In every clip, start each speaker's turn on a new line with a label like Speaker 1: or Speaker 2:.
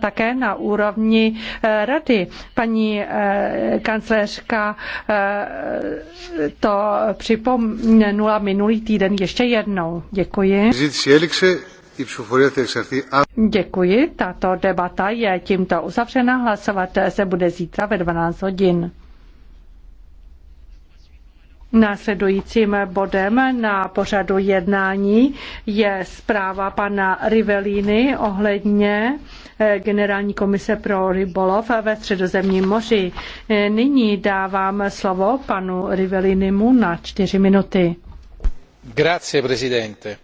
Speaker 1: také na úrovni eh, rady. Paní eh, kancléřka eh, to připomněla minulý týden ještě jednou. Děkuji. Děkuji, tato debata je tímto uzavřena. Hlasovat se bude zítra ve 12 hodin. Následujícím bodem na pořadu jednání je zpráva pana Rivelíny ohledně Eh, Generální komise pro rybolov ve Středozemním moři. Eh, nyní dávám slovo panu Rivelinimu na čtyři minuty.
Speaker 2: Grazie, presidente.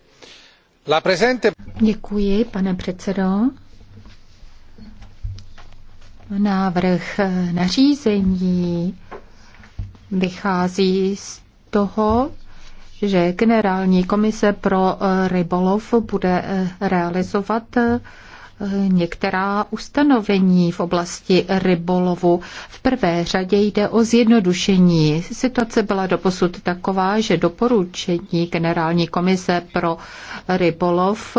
Speaker 2: La presente...
Speaker 3: Děkuji, pane předsedo. Návrh eh, nařízení vychází z toho, že Generální komise pro rybolov bude realizovat Eh, některá ustanovení v oblasti rybolovu. V prvé řadě jde o zjednodušení. Situace byla doposud taková, že doporučení Generální komise pro rybolov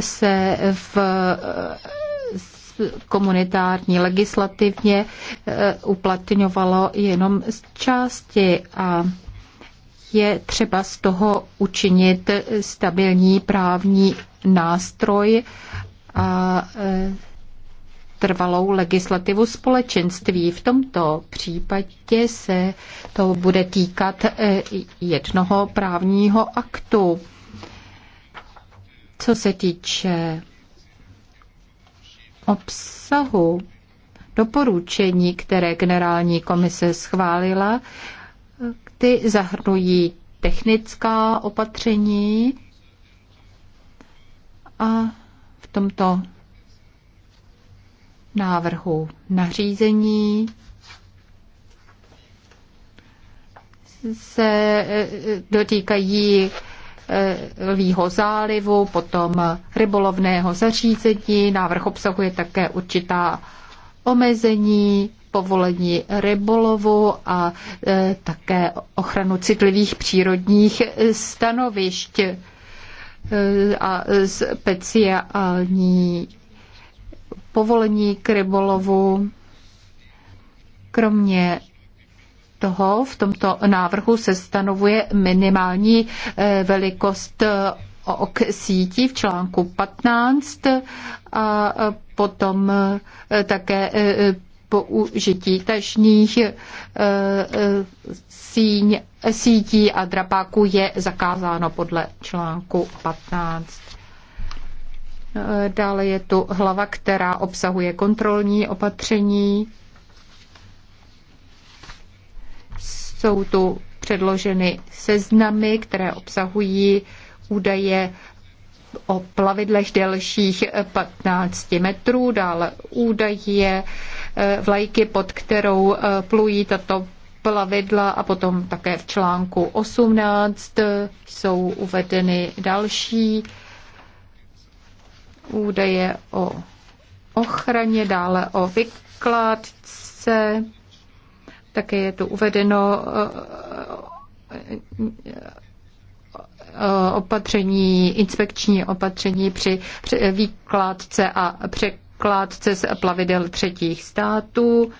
Speaker 3: se v eh, komunitární legislativně eh, uplatňovalo jenom z části a je třeba z toho učinit stabilní právní nástroj a e, trvalou legislativu společenství. V tomto případě se to bude týkat e, jednoho právního aktu. Co se týče obsahu doporučení, které generální komise schválila, ty zahrnují technická opatření a tomto návrhu nařízení se e, dotýkají e, výho zálivu, potom rybolovného zařízení. Návrh obsahuje také určitá omezení povolení rybolovu a e, také ochranu citlivých přírodních stanovišť a speciální povolení k rybolovu. Kromě toho v tomto návrhu se stanovuje minimální eh, velikost eh, ok sítí v článku 15 a eh, potom také použití tažních eh, eh, síň, sítí a drapáků je zakázáno podle článku 15. Eh, dále je tu hlava, která obsahuje kontrolní opatření. Jsou tu předloženy seznamy, které obsahují údaje o plavidlech delších 15 metrů, dále údaje, e, vlajky, pod kterou e, plují tato plavidla a potom také v článku 18 e, jsou uvedeny další údaje o ochraně, dále o vykládce, také je tu uvedeno Eh, opatření, inspekční opatření při eh, výkládce a překládce z plavidel třetích států.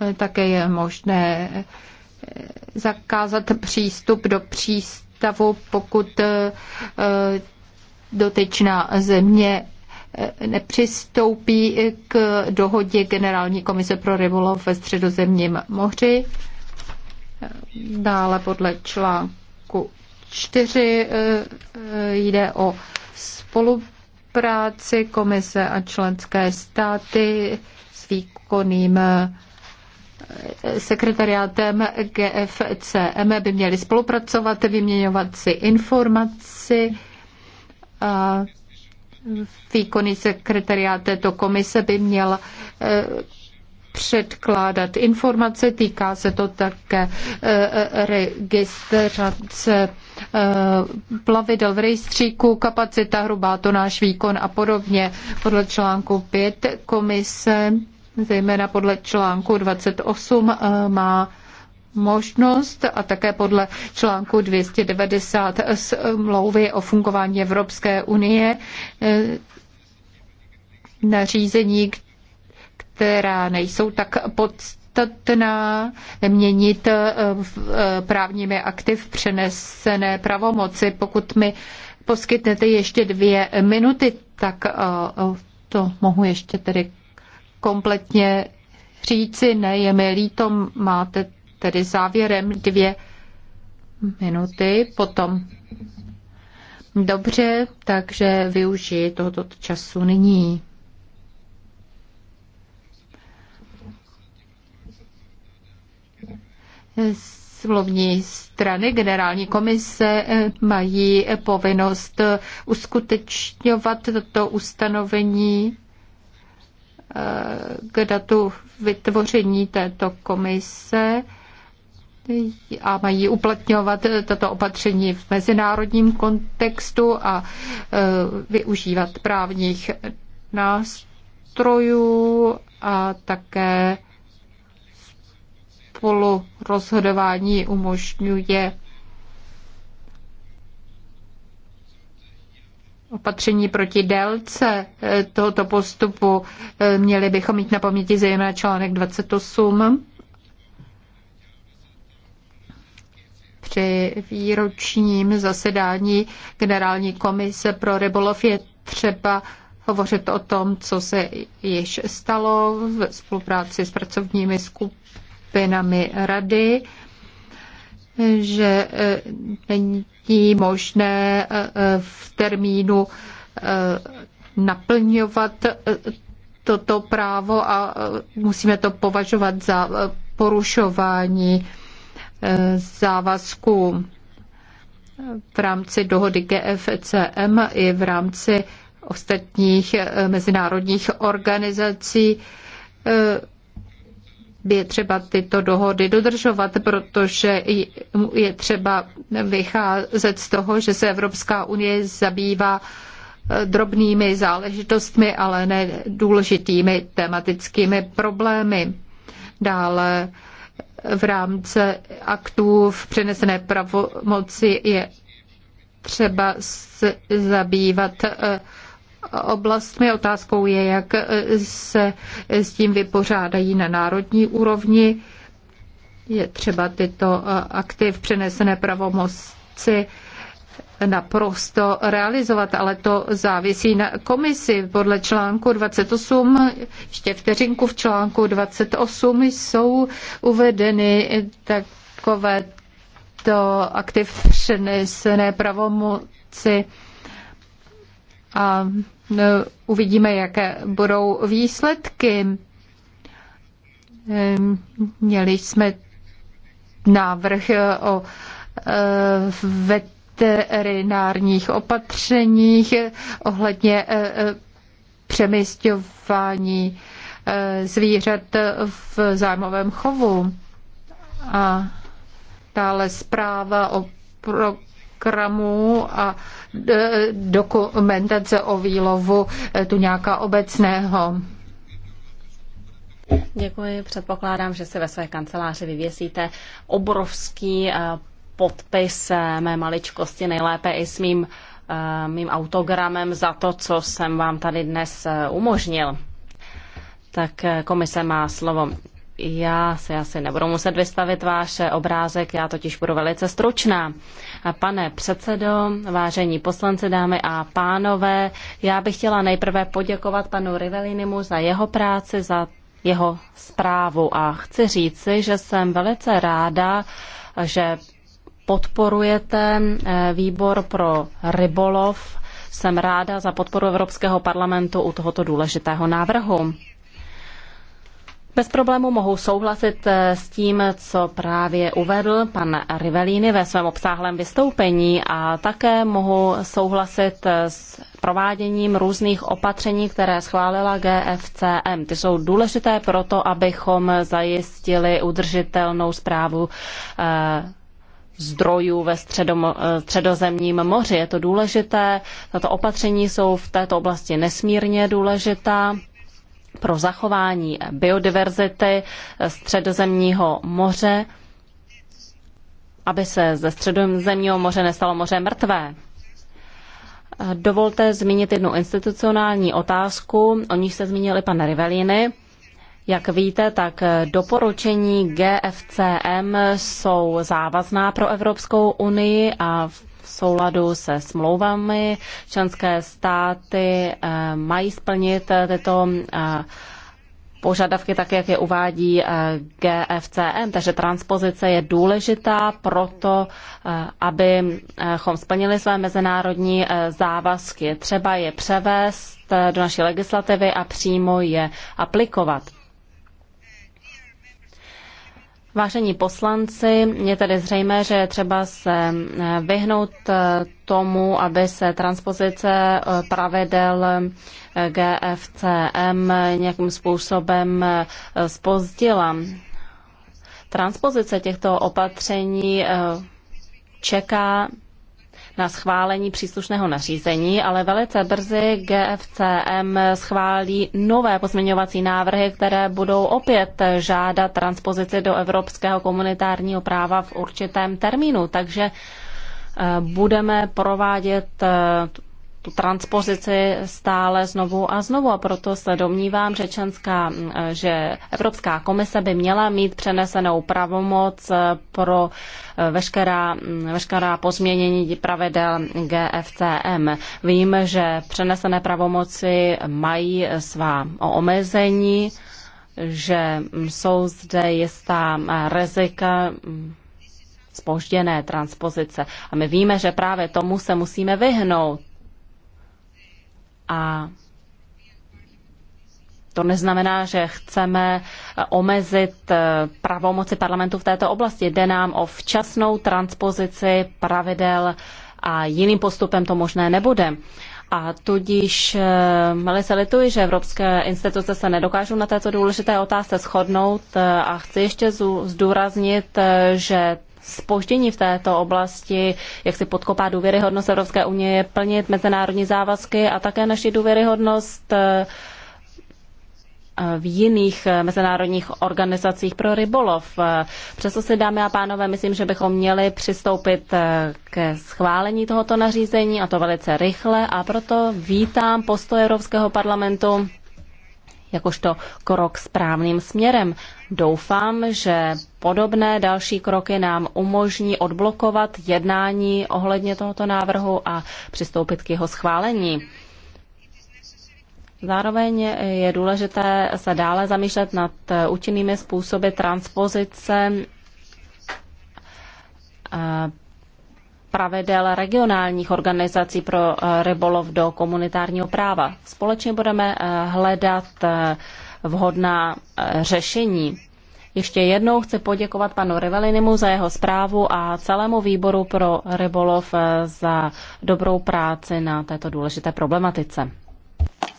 Speaker 3: Eh, také je možné zakázat přístup do přístavu, pokud dotyčná země nepřistoupí k dohodě Generální komise pro rybolov ve středozemním moři. Dále podle článku 4 eh, eh, jde o spolupráci komise a členské státy s výkonným eh, sekretariátem GFCM by měli spolupracovat, vyměňovat si informaci. A výkonný sekretariát této komise by měl předkládat informace, týká se to také eh, eh, registrace eh, plavidel v rejstříku, kapacita, hrubá tonáž, výkon a podobně. Podle článku 5 komise, zejména podle článku 28, má možnost a také podle článku 290 smlouvy o fungování Evropské unie nařízení, která nejsou tak podstatná, měnit eh, eh, právními aktiv přenesené pravomoci. Pokud mi poskytnete ještě dvě minuty, tak eh, to mohu ještě tedy kompletně říci. Ne, je mi líto, máte tedy závěrem dvě minuty potom. Dobře, takže využiji tohoto času nyní. smluvní strany generální komise eh, mají povinnost uskutečňovat toto ustanovení eh, k datu vytvoření této komise a mají uplatňovat tato opatření v mezinárodním kontextu a eh, využívat právních nástrojů a také spolu rozhodování umožňuje opatření proti délce eh, tohoto postupu. Eh, měli bychom mít na paměti zejména článek 28. Při výročním zasedání Generální komise pro rybolov je třeba hovořit o tom, co se již stalo v spolupráci s pracovními skupinami skupinami rady, že eh, není možné eh, v termínu eh, naplňovat toto právo a musíme to považovat za porušování závazků v rámci dohody GFCM i v rámci ostatních mezinárodních organizací je třeba tyto dohody dodržovat, protože je třeba vycházet z toho, že se Evropská unie zabývá eh, drobnými záležitostmi, ale ne důležitými tematickými problémy. Dále eh, v rámci aktů v přenesené pravomoci je třeba se zabývat eh, oblastmi. Otázkou je, jak se s tím vypořádají na národní úrovni. Je třeba tyto akty v přenesené pravomoci naprosto realizovat, ale to závisí na komisi. Podle článku 28, ještě vteřinku v článku 28 jsou uvedeny takové to aktiv přenesené pravomoci a No, uvidíme, jaké budou výsledky. Ehm, měli jsme návrh eh, o eh, veterinárních opatřeních eh, ohledně přemysťování zvířat v zájmovém chovu. A dále zpráva o pro programů a e, dokumentace
Speaker 4: o výlovu
Speaker 3: e, tu nějaká obecného.
Speaker 4: Děkuji. Předpokládám, že se ve své kanceláři vyvěsíte obrovský e, podpis mé maličkosti, nejlépe i s mým, mým autogramem za to, co jsem vám tady dnes umožnil. Tak komise má slovo. Já se asi nebudu muset vystavit váš obrázek, já totiž budu velice stručná. Pane předsedo, vážení poslanci, dámy a pánové, já bych chtěla nejprve poděkovat panu Rivelinimu za jeho práci, za jeho zprávu a chci říci, že jsem velice ráda, že podporujete eh, výbor pro rybolov. Jsem ráda za podporu Evropského parlamentu u tohoto důležitého návrhu. Bez problému mohu souhlasit eh, s tím, co právě uvedl pan Rivelíny ve svém obsáhlém vystoupení a také mohu souhlasit eh, s prováděním různých opatření, které schválila GFCM. Ty jsou důležité proto, abychom zajistili udržitelnou zprávu eh, zdrojů ve středom, středozemním moři. Je to důležité, tato opatření jsou v této oblasti nesmírně důležitá pro zachování biodiverzity středozemního moře, aby se ze středozemního moře nestalo moře mrtvé. Dovolte zmínit jednu institucionální otázku, o níž se zmínil i pan Rivelini. Jak víte, tak doporučení GFCM jsou závazná pro Evropskou unii a v v souladu se smlouvami. Členské státy eh, mají splnit eh, tyto eh, požadavky tak, jak je uvádí GFCM, takže transpozice je důležitá proto, abychom splnili své mezinárodní závazky. Třeba je převést do naší legislativy a přímo je aplikovat. Vážení poslanci, je tedy zřejmé, že je třeba se eh, vyhnout eh, tomu, aby se transpozice eh, pravidel GFCM nějakým způsobem spozdila. Transpozice těchto opatření čeká na schválení příslušného nařízení, ale velice brzy GFCM schválí nové pozměňovací návrhy, které budou opět žádat transpozici do evropského komunitárního práva v určitém termínu. Takže eh, budeme provádět eh, tu transpozici stále znovu a znovu a proto se domnívám, že, Čenská, že Evropská komise by měla mít přenesenou pravomoc pro eh, veškerá, mm, veškerá pozměnění pravidel GFCM. Vím, že přenesené pravomoci mají svá omezení, že jsou zde jistá eh, rizika spožděné mm, transpozice. A my víme, že právě tomu se musíme vyhnout. A to neznamená, že chceme omezit eh, pravomoci parlamentu v této oblasti. Jde nám o včasnou transpozici pravidel a jiným postupem to možné nebude. A tudíž se eh, lituji, že evropské instituce se nedokážou na této důležité otázce shodnout eh, a chci ještě zdůraznit, že spoždění v této oblasti, jak si podkopá důvěryhodnost Evropské unie plnit mezinárodní závazky a také naši důvěryhodnost eh, v jiných eh, mezinárodních organizacích pro rybolov. Eh, Přesto si, dámy a pánové, myslím, že bychom měli přistoupit ke schválení tohoto nařízení a to velice rychle a proto vítám postoj Evropského parlamentu jakožto krok správným směrem. Doufám, že podobné další kroky nám umožní odblokovat jednání ohledně tohoto návrhu a přistoupit k jeho schválení. Zároveň je důležité se dále zamýšlet nad účinnými způsoby transpozice eh, pravidel regionálních organizací pro eh, rybolov do komunitárního práva. Společně budeme eh, hledat vhodná eh, řešení. Ještě jednou chci poděkovat panu Revelinimu za jeho zprávu a celému výboru pro rybolov eh, za dobrou práci na této důležité problematice.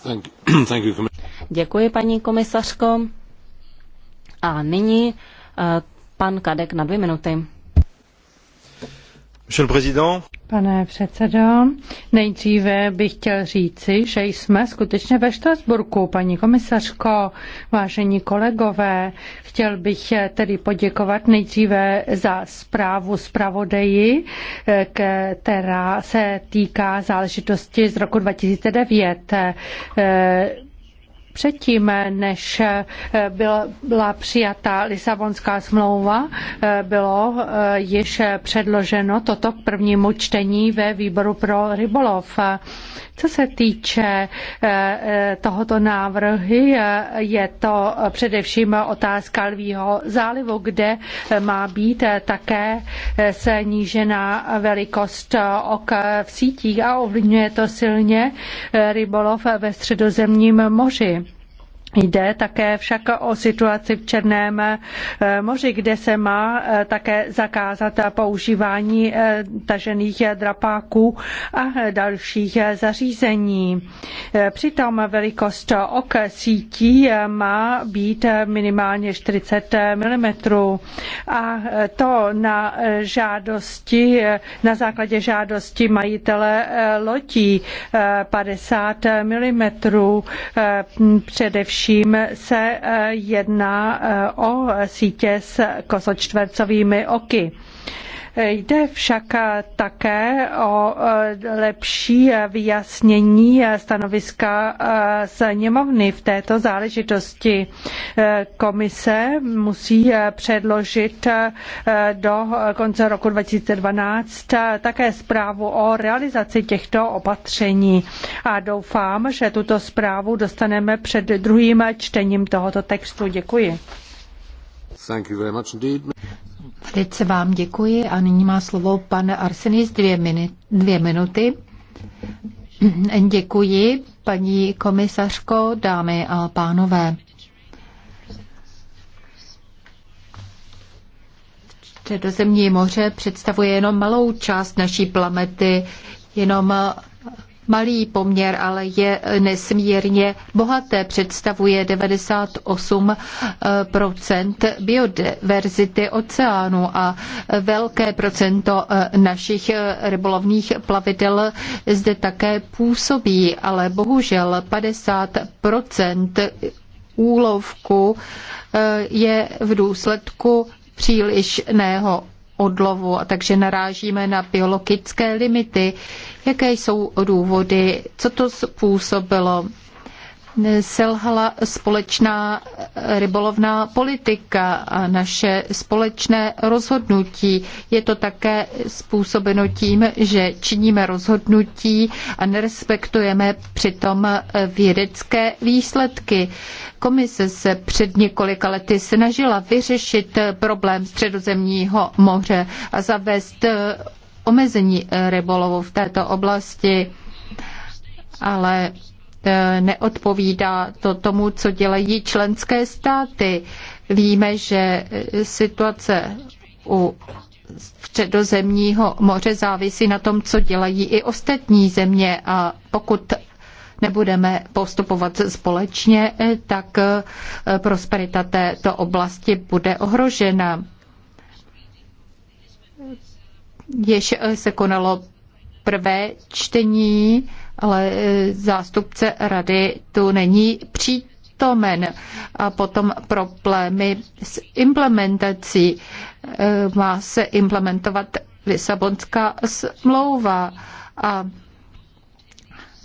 Speaker 5: Thank you. Thank you.
Speaker 4: Děkuji, paní komisařko. A nyní eh, pan Kadek na dvě minuty.
Speaker 1: Pane předsedo, nejdříve bych chtěl říci, že jsme skutečně ve Štrasburku, paní komisařko, vážení kolegové. Chtěl bych tedy poděkovat nejdříve za zprávu zpravodeji, která se týká záležitosti z roku 2009 Předtím, než eh, byla přijata Lisabonská smlouva, eh, bylo eh, již předloženo toto k prvnímu čtení ve výboru pro rybolov. Co se týče tohoto návrhy, je to především otázka Lvího zálivu, kde má být také snížená velikost ok v sítích a ovlivňuje to silně rybolov ve středozemním moři. Jde také však o situaci v Černém eh, moři, kde se má eh, také zakázat používání eh, tažených drapáků a dalších zařízení. Přitom velikost ok sítí má být minimálně 40 mm a to na žádosti, na základě žádosti majitele lodí 50 mm především Především se eh, jedná eh, o sítě s kosočtvercovými oky. Jde však také o e, lepší vyjasnění stanoviska sněmovny e, v této záležitosti. E, komise musí předložit do konce roku 2012 také zprávu o realizaci těchto opatření a doufám, že tuto zprávu dostaneme před druhým čtením tohoto textu. Děkuji
Speaker 3: se vám děkuji a nyní má slovo pan Arsenis dvě, minu, dvě minuty. Děkuji, paní komisařko, dámy a pánové. Předozemní moře představuje jenom malou část naší planety, jenom malý poměr, ale je nesmírně bohaté. Představuje 98 eh, biodiverzity oceánu a velké procento eh, našich eh, rybolovných plavidel zde také působí, ale bohužel 50 úlovku je v důsledku přílišného odlovu, a takže narážíme na biologické limity. Jaké jsou důvody, co to způsobilo, selhala společná rybolovná politika a naše společné rozhodnutí. Je to také způsobeno tím, že činíme rozhodnutí a nerespektujeme přitom vědecké výsledky. Komise se před několika lety snažila vyřešit problém středozemního moře a zavést omezení rybolovu v této oblasti, ale E, neodpovídá to tomu, co dělají členské státy. Víme, že situace u středozemního moře závisí na tom, co dělají i ostatní země a pokud nebudeme postupovat společně, e, tak e, prosperita této oblasti bude ohrožena. Jež se konalo prvé čtení ale e, zástupce rady tu není přítomen. A potom problémy s implementací. E, má se implementovat Lisabonská smlouva a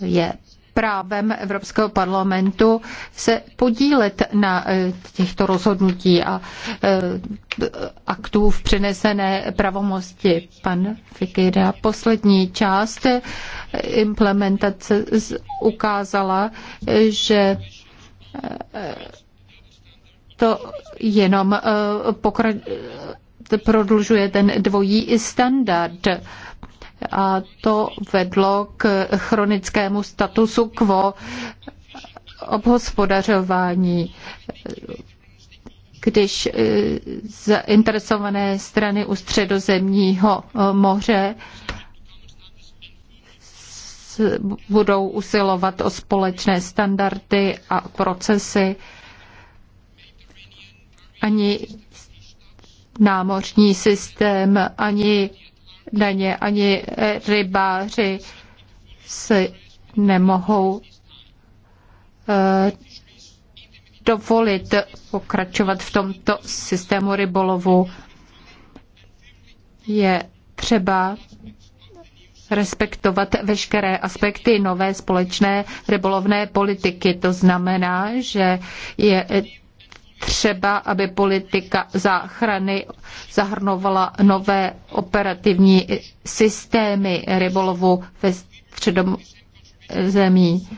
Speaker 3: je právem Evropského parlamentu se podílet na eh, těchto rozhodnutí a eh, aktů v přenesené pravomosti. Pan Fikira, poslední část eh, implementace ukázala, že to jenom prodlužuje ten dvojí standard a to vedlo k chronickému statusu quo obhospodařování. Když eh, zainteresované strany u středozemního eh, moře budou usilovat o společné standardy a procesy, ani námořní systém, ani daně, ani eh, rybáři se nemohou eh, dovolit pokračovat v tomto systému rybolovu. Je třeba respektovat veškeré aspekty nové společné rybolovné politiky. To znamená, že je třeba, aby politika záchrany zahrnovala nové operativní systémy rybolovu ve středom zemí.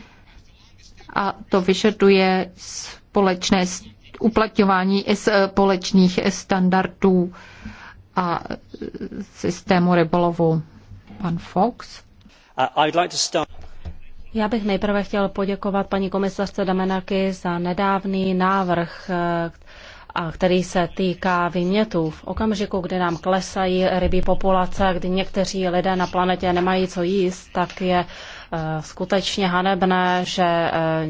Speaker 3: A to vyžaduje společné uplatňování společných standardů a systému
Speaker 4: rybolovu. Pan Fox? Uh, já bych nejprve chtěl poděkovat paní komisařce Damenaky za nedávný návrh, eh, a který se týká vymětů. V okamžiku, kdy nám klesají rybí populace, kdy někteří lidé na planetě nemají co jíst, tak je eh, skutečně hanebné, že eh,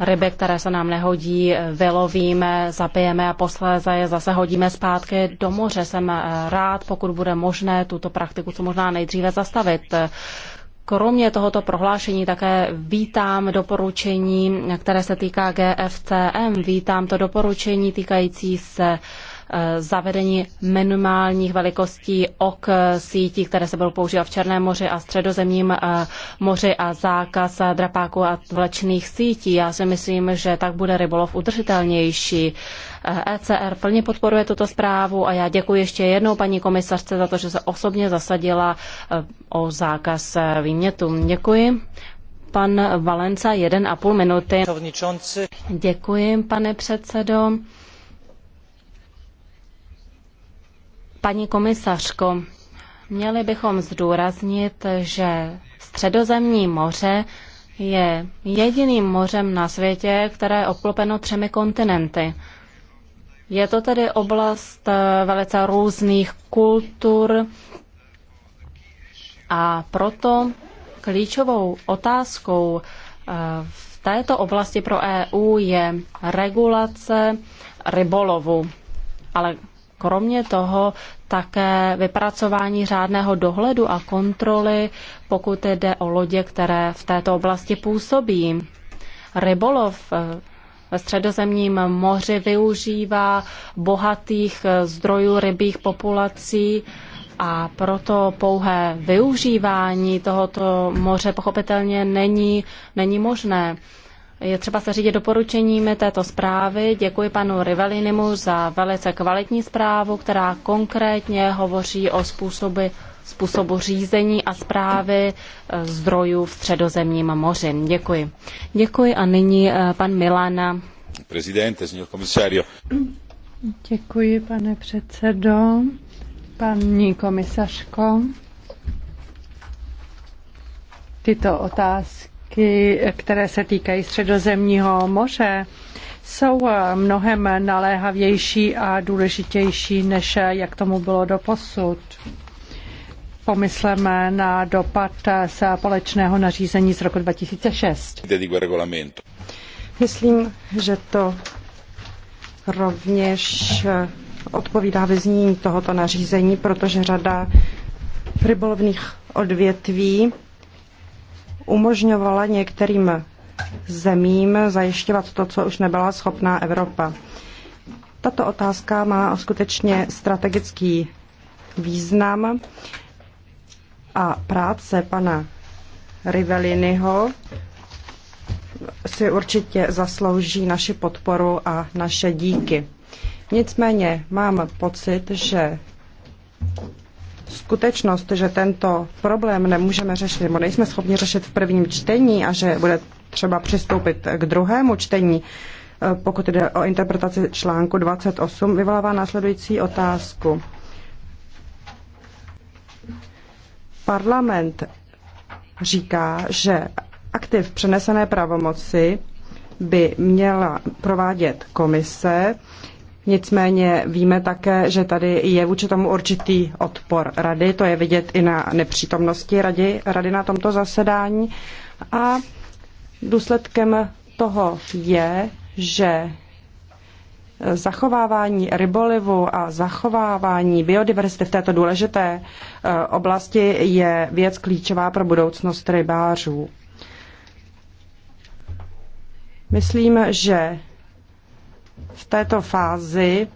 Speaker 4: ryby, které se nám nehodí, vylovíme, zapijeme a posléze je zase hodíme zpátky do moře. Jsem rád, pokud bude možné tuto praktiku co možná nejdříve zastavit. Kromě tohoto prohlášení také vítám doporučení, které se týká GFCM. Vítám to doporučení týkající se Eh, zavedení minimálních velikostí ok sítí, které se budou používat v Černém moři a středozemním eh, moři a zákaz eh, drapáků a vlečných sítí. Já si myslím, že tak bude rybolov udržitelnější. ECR e plně podporuje tuto zprávu a já děkuji ještě jednou paní komisařce za to, že se osobně zasadila o zákaz výmětu. Děkuji pan Valenca půl minuty. Děkuji, pane předsedo. Paní komisařko, měli bychom zdůraznit, že středozemní moře je jediným mořem na světě, které je obklopeno třemi kontinenty. Je to tedy oblast eh, velice různých kultur a proto klíčovou otázkou eh, v této oblasti pro EU je regulace rybolovu. Ale kromě toho také vypracování řádného dohledu a kontroly, pokud jde o lodě, které v této oblasti působí. Rybolov eh, ve středozemním moři využívá bohatých eh, zdrojů rybích populací a proto pouhé využívání tohoto moře pochopitelně není, není možné. Je třeba se řídit doporučeními této zprávy. Děkuji panu Rivelinimu za velice kvalitní zprávu, která konkrétně hovoří o způsoby, způsobu řízení a zprávy eh, zdrojů v středozemním moři. Děkuji. Děkuji a nyní eh, pan Milana.
Speaker 2: Prezidente, signor komisario.
Speaker 1: Děkuji, pane předsedo, paní komisařko. Tyto otázky otázky, které se týkají Středozemního moře, jsou mnohem naléhavější a důležitější, než jak tomu bylo do posud. Pomysleme na dopad společného nařízení z roku 2006. Myslím, že to rovněž
Speaker 6: odpovídá vyznění tohoto nařízení, protože řada rybolovných odvětví umožňovala některým zemím zajišťovat to, co už nebyla schopná Evropa. Tato otázka má skutečně strategický význam a práce pana Riveliniho si určitě zaslouží naši podporu a naše díky. Nicméně mám pocit, že skutečnost, že tento problém nemůžeme řešit, nebo nejsme schopni řešit v prvním čtení a že bude třeba přistoupit k druhému čtení, eh, pokud jde o interpretaci článku 28, vyvolává následující otázku. Parlament říká, že aktiv přenesené pravomoci by měla provádět komise, Nicméně víme také, že tady je vůči tomu určitý odpor rady, to je vidět i na nepřítomnosti rady, rady na tomto zasedání. A důsledkem toho je, že zachovávání rybolivu a zachovávání biodiverzity v této důležité eh, oblasti je věc klíčová pro budoucnost rybářů. Myslím, že v této fázi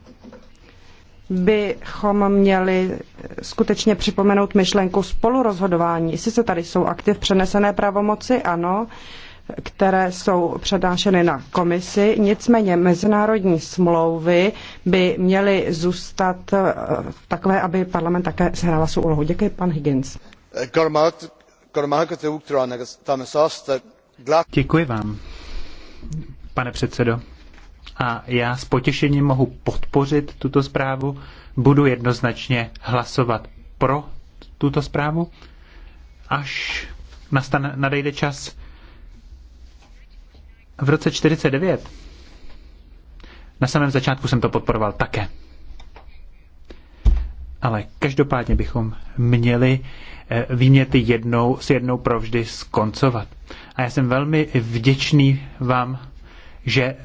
Speaker 6: bychom měli skutečně připomenout myšlenku spolurozhodování. Sice tady jsou aktiv přenesené pravomoci, ano, které jsou předášeny na komisi, nicméně mezinárodní smlouvy by měly zůstat eh, takové, aby parlament také sehrával svou úlohu. Děkuji, pan
Speaker 3: Higgins.
Speaker 2: Děkuji vám, pane předsedo a já s potěšením mohu podpořit tuto zprávu. Budu jednoznačně hlasovat pro tuto zprávu, až nastane, nadejde čas. V roce 49 na samém začátku jsem to podporoval také. Ale každopádně bychom měli eh, výměty jednou s jednou provždy skoncovat. A já jsem velmi vděčný vám že eh,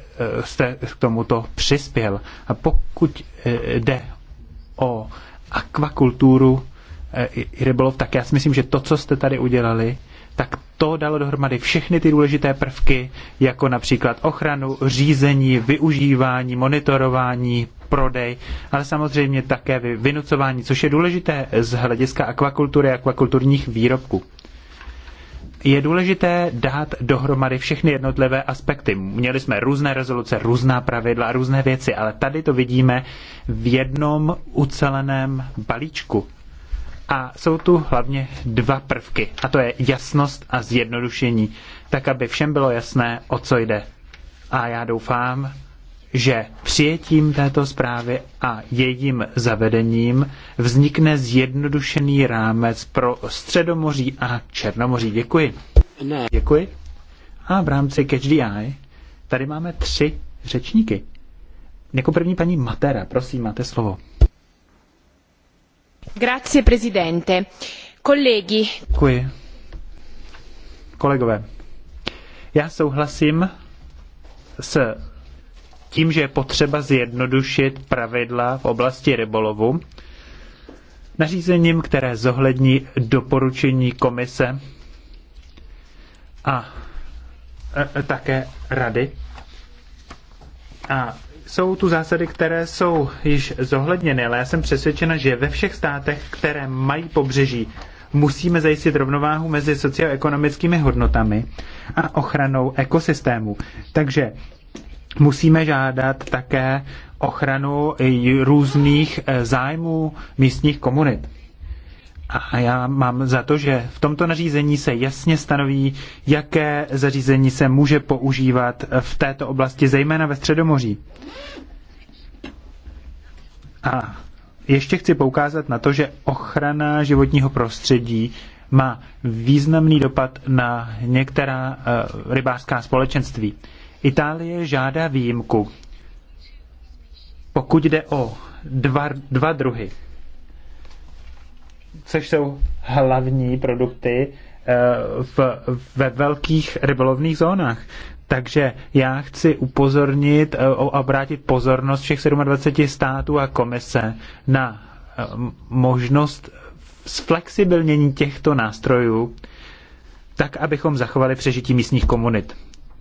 Speaker 2: jste k tomuto přispěl. A pokud eh, jde o akvakulturu eh, i rybolov, tak já si myslím, že to, co jste tady udělali, tak to dalo dohromady všechny ty důležité prvky, jako například ochranu, řízení, využívání, monitorování, prodej, ale samozřejmě také vynucování, což je důležité z hlediska akvakultury a akvakulturních výrobků je důležité dát dohromady všechny jednotlivé aspekty. Měli jsme různé rezoluce, různá pravidla, různé věci, ale tady to vidíme v jednom uceleném balíčku. A jsou tu hlavně dva prvky, a to je jasnost a zjednodušení, tak aby všem bylo jasné, o co jde. A já doufám, že přijetím této zprávy a jejím zavedením vznikne zjednodušený rámec pro Středomoří a Černomoří. Děkuji. Ne. Děkuji. A v rámci Catch the Eye tady máme tři řečníky. Jako první paní Matera, prosím, máte slovo.
Speaker 3: Grazie, prezidente.
Speaker 4: Kolegi.
Speaker 2: Děkuji. Kolegové, já souhlasím s tím, že je potřeba zjednodušit pravidla v oblasti rybolovu, nařízením, které zohlední doporučení komise a e, také rady. A jsou tu zásady, které jsou již zohledněny, ale já jsem přesvědčena, že ve všech státech, které mají pobřeží, musíme zajistit rovnováhu mezi socioekonomickými hodnotami a ochranou ekosystému. Takže musíme žádat také ochranu různých eh, zájmů místních komunit. A já mám za to, že v tomto nařízení se jasně stanoví, jaké zařízení se může používat v této oblasti, zejména ve Středomoří. A ještě chci poukázat na to, že ochrana životního prostředí má významný dopad na některá eh, rybářská společenství. Itálie žádá výjimku, pokud jde o dva, dva druhy, což jsou hlavní produkty eh, v, ve velkých rybolovných zónách. Takže já chci upozornit a eh, obrátit pozornost všech 27 států a komise na eh, možnost zflexibilnění těchto nástrojů, tak abychom zachovali přežití místních komunit.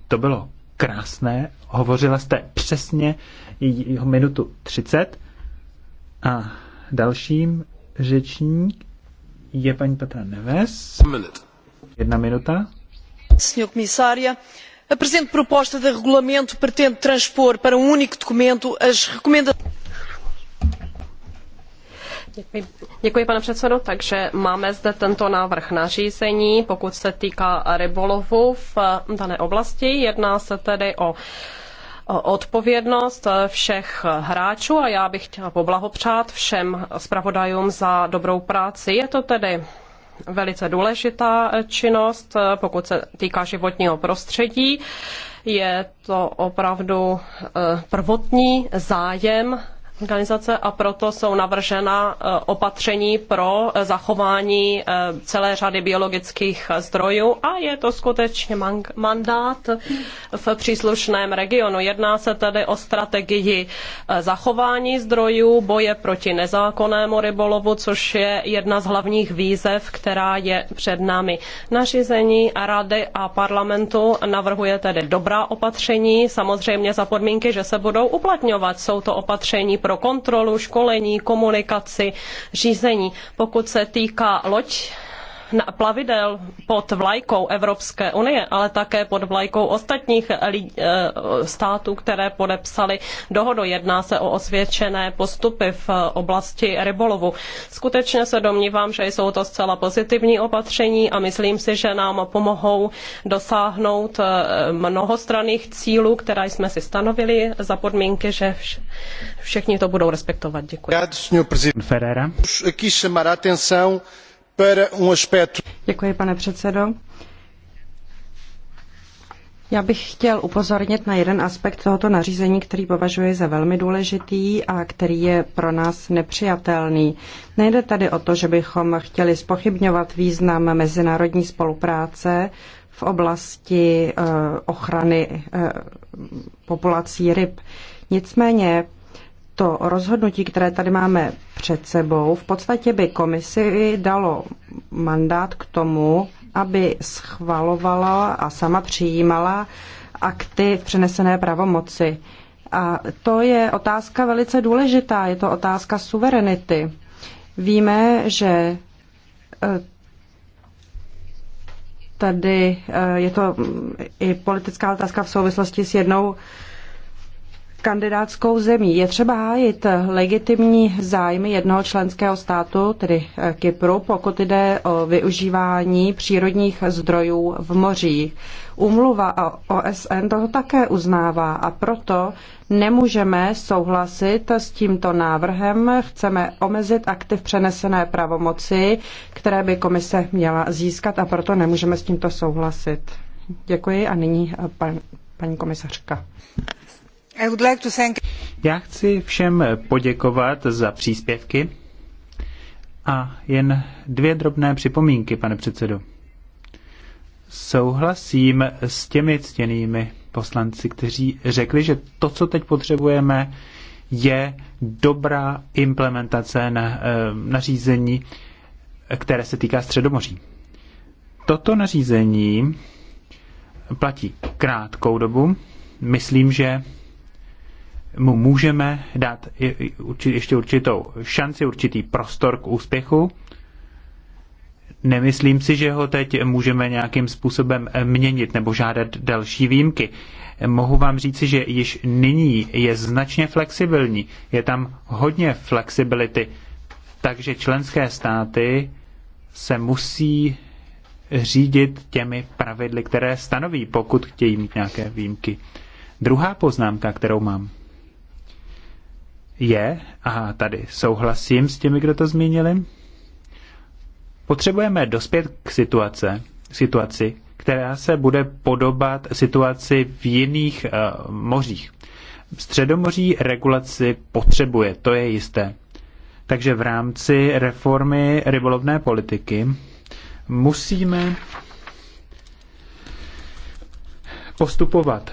Speaker 2: To bylo krásné. Hovořila jste přesně jeho minutu 30. A dalším řečník je paní Petra Neves. Jedna minuta.
Speaker 5: Senhor Comissária, a presente proposta de regulamento pretende transpor para um único documento as recomendações. Děkuji. pane předsedo. Takže máme zde tento návrh nařízení, pokud se týká rybolovu v dané oblasti. Jedná se tedy o odpovědnost všech hráčů a já bych chtěla poblahopřát všem zpravodajům za dobrou práci. Je to tedy velice důležitá činnost, pokud se týká životního prostředí. Je to opravdu eh, prvotní zájem organizace a proto jsou navržena e, opatření pro e, zachování e, celé řady biologických zdrojů a je to skutečně mandát v příslušném regionu. Jedná se tedy o strategii zachování zdrojů, boje proti nezákonnému rybolovu, což je jedna z hlavních výzev, která je před námi. Nařízení a rady a parlamentu navrhuje tedy dobrá opatření, samozřejmě za podmínky, že se budou uplatňovat. Jsou to opatření pro pro kontrolu, školení, komunikaci, řízení. Pokud se týká loď, plavidel pod vlajkou Evropské unie, ale také pod vlajkou ostatních eh, států, které podepsaly dohodu. Jedná se o osvědčené postupy v oblasti rybolovu. Skutečně se domnívám, že jsou to zcela pozitivní opatření a myslím si, že nám pomohou dosáhnout eh, mnohostranných cílů, které jsme si stanovili za podmínky, že všichni to budou respektovat. Děkuji.
Speaker 2: Ferreira. Aqui
Speaker 3: chamar a atenção
Speaker 6: pane předsedající Já bych chtěl upozornit na jeden aspekt tohoto nařízení, který považuji za velmi důležitý a který je pro nás nepřijatelný. Nejde tady o to, že bychom chtěli zpochybňovat význam mezinárodní spolupráce v oblasti eh, ochrany eh, populací ryb. Nicméně to rozhodnutí, které tady máme před sebou, v podstatě by komisi dalo mandát k tomu, aby schvalovala a sama přijímala akty v přenesené pravomoci. A to je otázka velice důležitá, je to otázka suverenity. Víme, že eh, tady eh, je to hm, i politická otázka v souvislosti s jednou kandidátskou zemí. Je třeba hájit legitimní zájmy jednoho členského státu, tedy eh, Kypru, pokud jde o využívání přírodních zdrojů v mořích. o OSN toho také uznává a proto nemůžeme souhlasit s tímto návrhem. Chceme omezit aktiv přenesené pravomoci, které by komise měla získat a proto nemůžeme s tímto souhlasit. Děkuji a nyní eh,
Speaker 2: pan, paní komisařka. Já chci všem poděkovat za příspěvky a jen dvě drobné připomínky, pane předsedo. Souhlasím s těmi ctěnými poslanci, kteří řekli, že to, co teď potřebujeme, je dobrá implementace na, eh, nařízení, které se týká Středomoří. Toto nařízení platí krátkou dobu. Myslím, že mu můžeme dát ještě určitou šanci, určitý prostor k úspěchu. Nemyslím si, že ho teď můžeme nějakým způsobem měnit nebo žádat další výjimky. Mohu vám říci, že již nyní je značně flexibilní. Je tam hodně flexibility, takže členské státy se musí řídit těmi pravidly, které stanoví, pokud chtějí mít nějaké výjimky. Druhá poznámka, kterou mám je, a tady souhlasím s těmi, kdo to zmínili, potřebujeme dospět k situace, situaci, která se bude podobat situaci v jiných uh, mořích. Středomoří regulaci potřebuje, to je jisté. Takže v rámci reformy rybolovné politiky musíme postupovat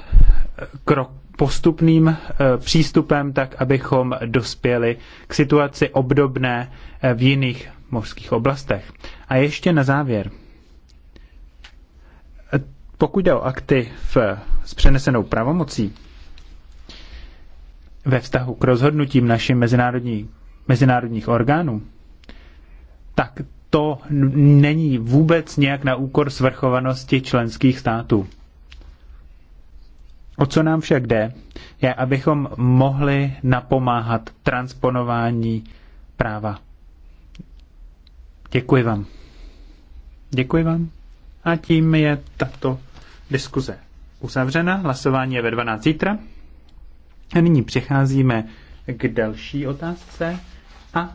Speaker 2: krok postupným eh, přístupem, tak abychom dospěli k situaci obdobné eh, v jiných mořských oblastech. A ještě na závěr. Eh, pokud jde o akty v, s přenesenou pravomocí, ve vztahu k rozhodnutím našich mezinárodní, mezinárodních orgánů, tak to není vůbec nějak na úkor svrchovanosti členských států. O co nám však jde, je, abychom mohli napomáhat transponování práva. Děkuji vám. Děkuji vám. A tím je tato diskuze uzavřena. Hlasování je ve 12 zítra. A nyní přecházíme k další otázce. A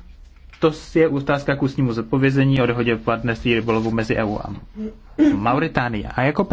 Speaker 2: to je otázka k ústnímu zodpovězení o dohodě o partnerství rybolovu mezi EU a Mauritánií. A jako první